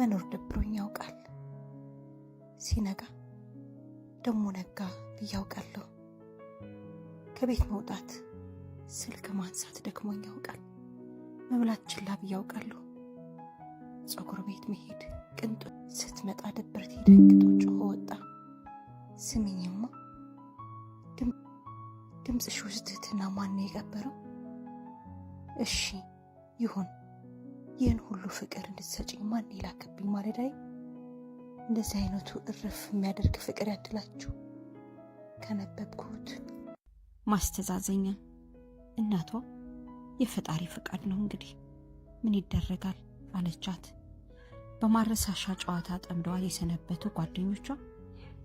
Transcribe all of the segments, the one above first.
መኖር ደብሮኝ ያውቃል። ሲነጋ ደሞ ነጋ እያውቃለሁ ከቤት መውጣት ስልክ ማንሳት ደክሞኝ ያውቃል። መብላት ችላ ብያውቃለሁ። ፀጉር ቤት መሄድ ቅንጡ ስትመጣ ድብርት ደንግጦ ጮሆ ወጣ። ስሚኝማ ድምፅሽ ውስጥ ትህትና ማን የቀበረው? እሺ ይሁን ይህን ሁሉ ፍቅር እንድትሰጭኝ ማን የላከብኝ ማለዳይ? እንደዚህ አይነቱ እርፍ የሚያደርግ ፍቅር ያድላችሁ። ከነበብኩት ማስተዛዘኛ እናቷ የፈጣሪ ፈቃድ ነው እንግዲህ ምን ይደረጋል አለቻት። በማረሳሻ ጨዋታ ጠምደዋል የሰነበቱ ጓደኞቿ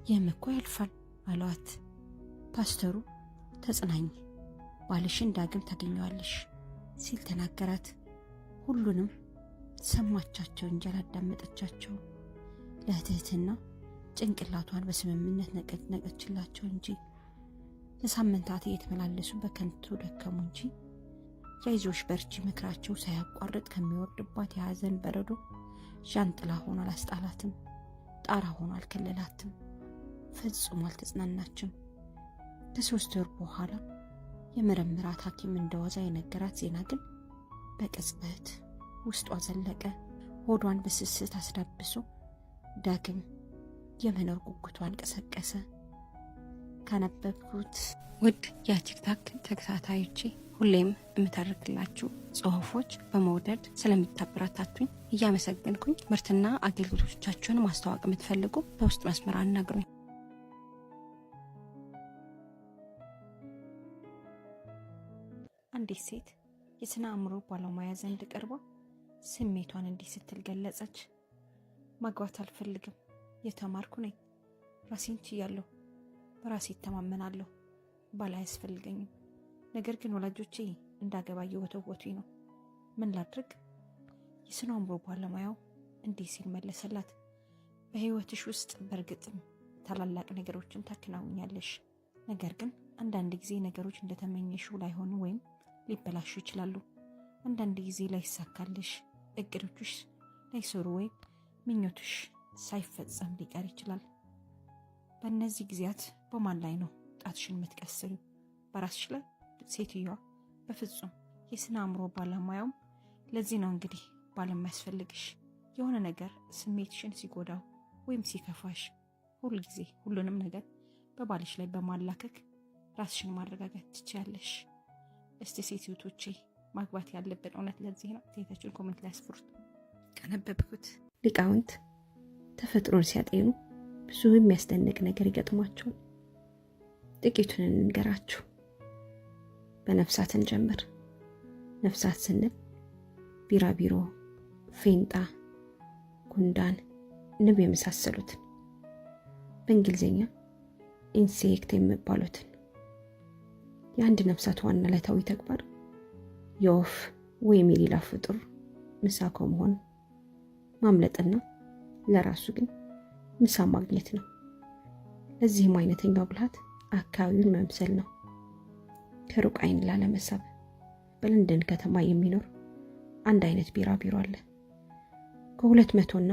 ይህም እኮ ያልፋል አለዋት። ፓስተሩ ተጽናኝ፣ ባልሽን ዳግም ታገኘዋለሽ ሲል ተናገራት። ሁሉንም ሰማቻቸው እንጂ አላዳመጠቻቸው። ለትህትና ጭንቅላቷን በስምምነት ነቀችላቸው እንጂ ለሳምንታት እየተመላለሱ በከንቱ ደከሙ እንጂ የይዞሽ በርቺ ምክራቸው ሳያቋርጥ ከሚወርድባት የሐዘን በረዶ ዣንጥላ ሆኖ አላስጣላትም። ጣራ ሆኖ አልከለላትም። ፈጽሞ አልተጽናናችም። ከሶስት ወር በኋላ የመረምራት ሐኪም እንደወዛ የነገራት ዜና ግን በቅጽበት ውስጧ ዘለቀ። ሆዷን በስስት አስዳብሶ ዳግም የመኖር ጉጉቷን ቀሰቀሰ። ካነበብኩት ውድ የቲክታክ ተከታታዮቼ ሁሌም የምታደርግላችሁ ጽሁፎች በመውደድ ስለምታበረታቱኝ እያመሰገንኩኝ ምርትና አገልግሎቶቻችሁን ማስተዋወቅ የምትፈልጉ በውስጥ መስመር አናግሩኝ። አንዲት ሴት የስነ አእምሮ ባለሙያ ዘንድ ቀርባ ስሜቷን እንዲህ ስትል ገለጸች። ማግባት አልፈልግም። የተማርኩ ነኝ። ራሴን ችያለሁ። በራሴ ይተማመናለሁ። ባላ አያስፈልገኝም። ነገር ግን ወላጆቼ እንዳገባ እየወተወቱኝ ነው። ምን ላድርግ? የስነ አእምሮ ባለሙያው እንዲህ ሲል መለሰላት። በህይወትሽ ውስጥ በእርግጥም ታላላቅ ነገሮችን ታክናውኛለሽ ነገር ግን አንዳንድ ጊዜ ነገሮች እንደተመኘሹ ላይሆኑ ወይም ሊበላሹ ይችላሉ። አንዳንድ ጊዜ ላይሳካልሽ፣ እቅዶችሽ ላይሰሩ ወይም ምኞትሽ ሳይፈጸም ሊቀር ይችላል። በእነዚህ ጊዜያት በማን ላይ ነው ጣትሽን የምትቀስሪ? በራስሽ ላይ? ሴትዮዋ በፍጹም። የስነ አእምሮ ባለሙያውም ለዚህ ነው እንግዲህ ባለማያስፈልግሽ የሆነ ነገር ስሜትሽን ሲጎዳው ወይም ሲከፋሽ ሁል ጊዜ ሁሉንም ነገር በባልሽ ላይ በማላከክ ራስሽን ማረጋጋት ትችያለሽ። እስቲ ሴት ዩቶቼ ማግባት ያለብን እውነት ለዚህ ነው። ሴታችን ኮሜንት ላይ አስፍሩት። ከነበብኩት ሊቃውንት ተፈጥሮን ሲያጤኑ ብዙ የሚያስደንቅ ነገር ይገጥሟቸዋል። ጥቂቱን እንንገራችሁ። በነፍሳትን ጀምር። ነፍሳት ስንል ቢራቢሮ፣ ፌንጣ፣ ጉንዳን፣ ንብ የመሳሰሉትን በእንግሊዝኛ ኢንሴክት የሚባሉትን የአንድ ነፍሳት ዋና ዕለታዊ ተግባር የወፍ ወይም የሌላ ፍጡር ምሳ ከመሆን ማምለጥና ለራሱ ግን ምሳ ማግኘት ነው። ለዚህም አይነተኛው ብልሃት አካባቢውን መምሰል ነው፣ ከሩቅ አይን ላለመሳብ። በለንደን ከተማ የሚኖር አንድ አይነት ቢራ ቢሮ አለ። ከሁለት መቶና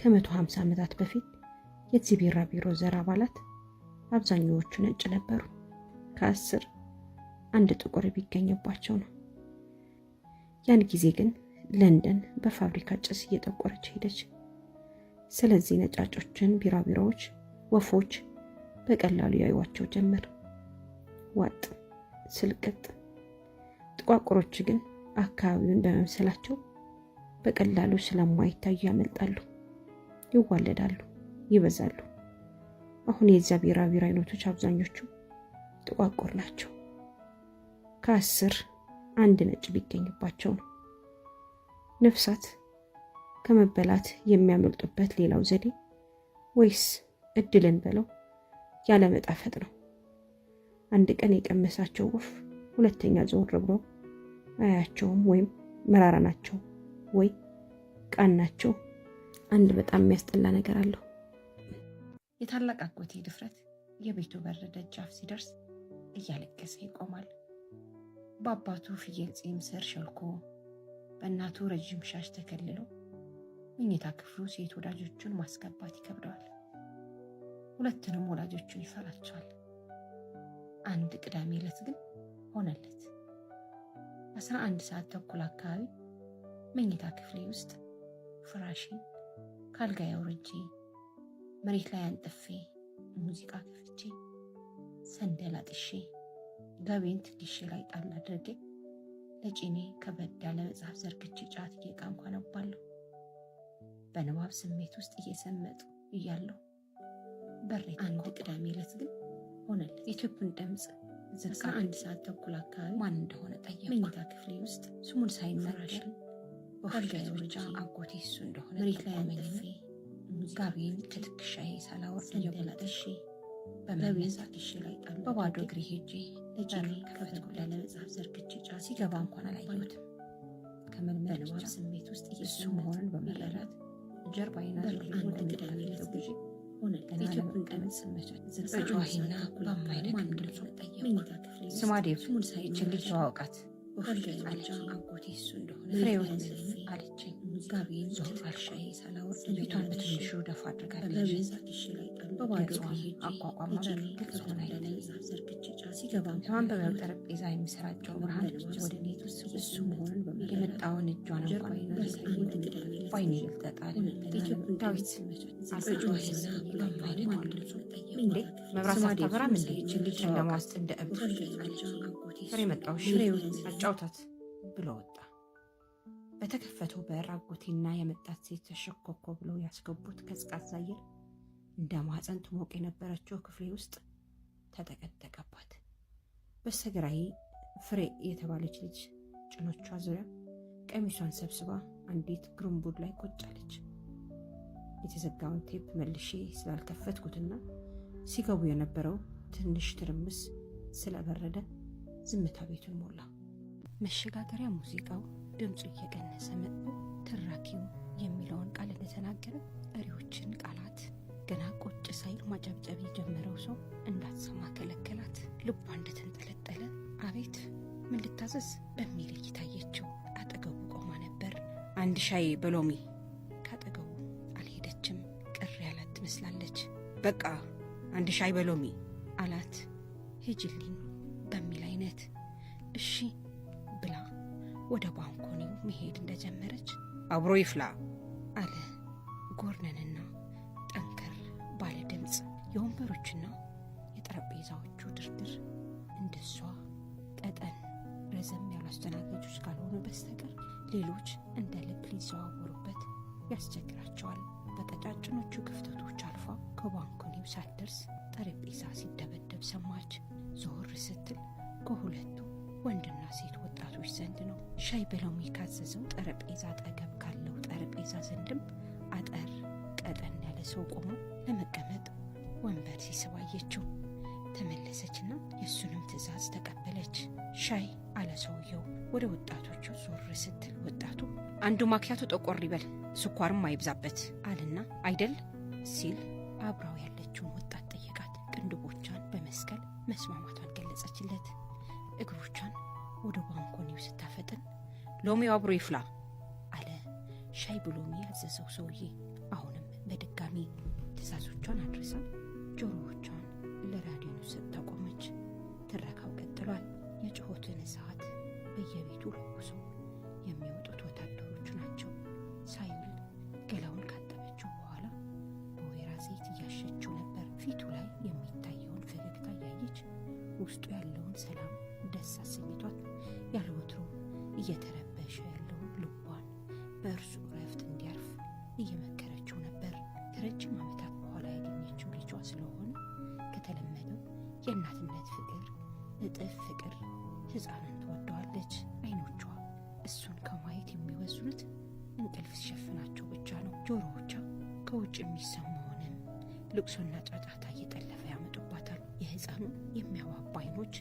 ከመቶ ሀምሳ ዓመታት በፊት የዚህ ቢራ ቢሮ ዘር አባላት አብዛኛዎቹ ነጭ ነበሩ። ከአስር አንድ ጥቁር ቢገኝባቸው ነው። ያን ጊዜ ግን ለንደን በፋብሪካ ጭስ እየጠቆረች ሄደች። ስለዚህ ነጫጮችን ቢራቢሮዎች፣ ወፎች በቀላሉ ያዩዋቸው ጀመር። ዋጥ ስልቅጥ። ጥቋቁሮች ግን አካባቢውን በመምሰላቸው በቀላሉ ስለማይታዩ ያመልጣሉ፣ ይዋለዳሉ፣ ይበዛሉ። አሁን የዚያ ቢራቢሮ አይነቶች አብዛኞቹ ጥቋቁር ናቸው። ከአስር አንድ ነጭ ቢገኝባቸው ነው። ነፍሳት ከመበላት የሚያመልጡበት ሌላው ዘዴ ወይስ እድልን ብለው ያለመጣፈጥ ነው። አንድ ቀን የቀመሳቸው ወፍ ሁለተኛ ዞር ብሎ አያቸውም፣ ወይም መራራ ናቸው ወይ ቃን ናቸው። አንድ በጣም የሚያስጠላ ነገር አለው። የታላቅ አጎቴ ድፍረት የቤቱ በር ደጃፍ ሲደርስ እያለቀሰ ይቆማል። በአባቱ ፍየል ጺም ስር ሸልኮ በእናቱ ረዥም ሻሽ ተከልሎ መኝታ ክፍሉ ሴት ወዳጆቹን ማስገባት ይከብደዋል። ሁለቱንም ወላጆቹን ይፈራቸዋል። አንድ ቅዳሜ ዕለት ግን ሆነለት። አስራ አንድ ሰዓት ተኩል አካባቢ መኝታ ክፍሌ ውስጥ ፍራሽን ካልጋ አውርጄ መሬት ላይ አንጥፌ ሙዚቃ ከፍቼ ሰንደል አጥሼ ጋቤን ትከሻዬ ላይ ጣል አድርጌ ለጭኔ ከበድ ያለ መጽሐፍ ዘርግቼ ጫት እየቃምኩ አነባለሁ። በንባብ ስሜት ውስጥ እየሰመጡ እያለሁ በሬ አንድ ቅዳሜ ዕለት ግን ሆነለት የኢትዮጵያን ድምፅ ዘጋ። አንድ ሰዓት ተኩል አካባቢ ማን እንደሆነ ጠየቅኩ። መኝታ ክፍሌ ውስጥ ስሙን ሳይመራሽ ወልጋዬ ብቻ አጎቴ እሱ እንደሆነ መሬት ላይ አንጥፌ ጋቤን ከትከሻዬ ሳላወርድ እንደላጠሽ ላይ ይሽላይጣል በባዶ እግር ሄጄ እጅ ከፈትኩ ያለ መጽሐፍ ዘርግቼ ጫ ሲገባ እንኳን አላየሁትም። ከመልመድ ስሜት ውስጥ እሱ መሆኑን በመረዳት ጀርባዬን ሆነ ስማዴፍ ስሙን ሳይችል ተዋወቃት ወንድማቸው አጎቴ እሱ እንደሆነ ፍሬወት አለችኝ። ጋቢን ሳላወርድ ቤቷን በትንሹ ደፋ አድርጋለች። በባዶ አቋቋማ ሆን ሲገባም ከማንበቢያው ጠረጴዛ የሚሰራጨው ብርሃን ወደ ቤት ውስጥ እሱ መሆኑን የመጣውን እጇን ባይኔ ይጠጣል። ዳዊት አጫውታት ብሎ ወጣ። በተከፈተው በር አጎቴና የመጣት ሴት ተሸኮኮ ብለው ያስገቡት ቀዝቃዛ አየር እንደ ማህፀን ትሞቅ የነበረችው ክፍሌ ውስጥ ተጠቀጠቀባት። በስተግራዬ ፍሬ የተባለች ልጅ ጭኖቿ ዙሪያ ቀሚሷን ሰብስባ አንዲት ግሩምቡድ ላይ ቆጫለች። የተዘጋውን ቴፕ መልሼ ስላልከፈትኩትና ሲገቡ የነበረው ትንሽ ትርምስ ስለበረደ ዝምታ ቤቱን ሞላ። መሸጋገሪያ ሙዚቃው ድምፁ እየቀነሰ መጣ። ማጨብጨብ የጀመረው ሰው እንዳትሰማ ከለከላት። ልቧ እንደተንጠለጠለ አቤት ምን ልታዘዝ በሚል እየታየችው አጠገቡ ቆማ ነበር። አንድ ሻይ በሎሚ ካጠገቡ አልሄደችም። ቅር ያላት ትመስላለች። በቃ አንድ ሻይ በሎሚ አላት። ሂጅልኝ በሚል አይነት እሺ ብላ ወደ ባንኮኒው መሄድ እንደጀመረች አብሮ ይፍላ አለ ጎርነንና የወንበሮችና የጠረጴዛዎቹ ድርድር እንደሷ ቀጠን ረዘም ያሉ አስተናጋጆች ካልሆኑ በስተቀር ሌሎች እንደ ልብ ሊዘዋወሩበት ያስቸግራቸዋል። በቀጫጭኖቹ ክፍተቶች አልፋ ከባንኮኒው ሳትደርስ ጠረጴዛ ሲደበደብ ሰማች። ዞር ስትል ከሁለቱ ወንድና ሴት ወጣቶች ዘንድ ነው። ሻይ ብለው የሚካዘዘው ጠረጴዛ አጠገብ ካለው ጠረጴዛ ዘንድም አጠር ቀጠን ያለ ሰው ቆሞ ለመቀመጥ ወንበር ሲስብ አየችው። ተመለሰችና የእሱንም ትዕዛዝ ተቀበለች። ሻይ አለ ሰውየው። ወደ ወጣቶቹ ዞር ስትል ወጣቱ አንዱ ማኪያቶ ጠቆር ይበል ስኳርም አይብዛበት አልና አይደል ሲል አብራው ያለችውን ወጣት ጠየቃት። ቅንድቦቿን በመስቀል መስማማቷን ገለጸችለት። እግሮቿን ወደ ባንኮኒው ስታፈጥን ሎሚው አብሮ ይፍላ አለ። ሻይ ብሎሚ ያዘዘው ሰውዬ አሁንም በድጋሚ ትዕዛዞቿን አድርሳ ጆሮዎቿን ለራዲዮኑ ስታቆመች ትረካው ቀጥሏል። የጭሆትን ሰዓት በየቤቱ ለኩሶ የሚወጡት ወታደሮቹ ናቸው። ሳይውል ገላውን ካጠበችው በኋላ በወይራ ዘይት እያሸችው ነበር። ፊቱ ላይ የሚታየውን ፈገግታ እያየች ውስጡ ያለውን ሰላም ደስ አሰኝቷት ያለ ወትሮ እየተረበሸ ያለ የእናትነት ፍቅር እጥፍ ፍቅር ሕፃንን ትወደዋለች። አይኖቿ እሱን ከማየት የሚወስኑት እንቅልፍ ሲሸፍናቸው ብቻ ነው። ጆሮዎቿ ከውጭ የሚሰማውንም ልቅሶና ጫጫታ እየጠለፈ ያመጡባታል። የሕፃኑ የሚያዋባ አይኖች